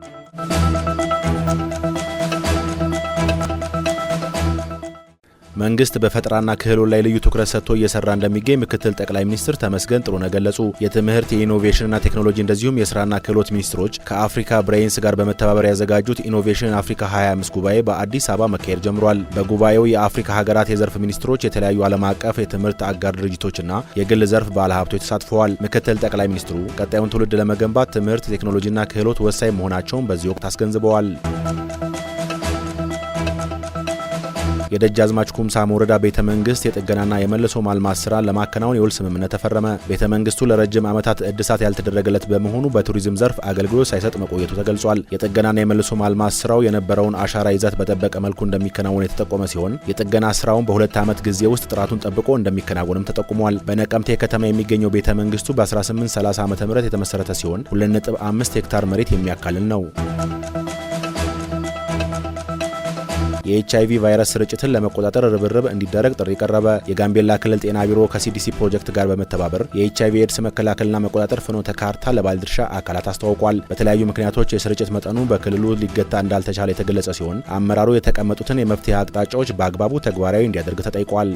Thank you. መንግስት በፈጠራና ክህሎት ላይ ልዩ ትኩረት ሰጥቶ እየሰራ እንደሚገኝ ምክትል ጠቅላይ ሚኒስትር ተመስገን ጥሩነህ ገለጹ። የትምህርት የኢኖቬሽንና ቴክኖሎጂ እንደዚሁም የስራና ክህሎት ሚኒስትሮች ከአፍሪካ ብሬይንስ ጋር በመተባበር ያዘጋጁት ኢኖቬሽን አፍሪካ 25 ጉባኤ በአዲስ አበባ መካሄድ ጀምሯል። በጉባኤው የአፍሪካ ሀገራት የዘርፍ ሚኒስትሮች፣ የተለያዩ ዓለም አቀፍ የትምህርት አጋር ድርጅቶችና የግል ዘርፍ ባለሀብቶች ተሳትፈዋል። ምክትል ጠቅላይ ሚኒስትሩ ቀጣዩን ትውልድ ለመገንባት ትምህርት ቴክኖሎጂና ክህሎት ወሳኝ መሆናቸውን በዚህ ወቅት አስገንዝበዋል። የደጃዝማች ኩምሳ መውረዳ ቤተ መንግስት የጥገናና የመልሶ ማልማት ስራ ለማከናወን የውል ስምምነት ተፈረመ። ቤተ መንግስቱ ለረጅም ዓመታት እድሳት ያልተደረገለት በመሆኑ በቱሪዝም ዘርፍ አገልግሎት ሳይሰጥ መቆየቱ ተገልጿል። የጥገናና የመልሶ ማልማት ስራው የነበረውን አሻራ ይዘት በጠበቀ መልኩ እንደሚከናወን የተጠቆመ ሲሆን የጥገና ስራውን በሁለት ዓመት ጊዜ ውስጥ ጥራቱን ጠብቆ እንደሚከናወንም ተጠቁሟል። በነቀምቴ ከተማ የሚገኘው ቤተ መንግስቱ በ1830 ዓ ም የተመሰረተ ሲሆን 2.5 ሄክታር መሬት የሚያካልል ነው። የኤች አይቪ ቫይረስ ስርጭትን ለመቆጣጠር ርብርብ እንዲደረግ ጥሪ ቀረበ። የጋምቤላ ክልል ጤና ቢሮ ከሲዲሲ ፕሮጀክት ጋር በመተባበር የኤች አይቪ ኤድስ መከላከልና መቆጣጠር ፍኖተ ካርታ ለባለድርሻ አካላት አስተዋውቋል። በተለያዩ ምክንያቶች የስርጭት መጠኑ በክልሉ ሊገታ እንዳልተቻለ የተገለጸ ሲሆን አመራሩ የተቀመጡትን የመፍትሄ አቅጣጫዎች በአግባቡ ተግባራዊ እንዲያደርግ ተጠይቋል።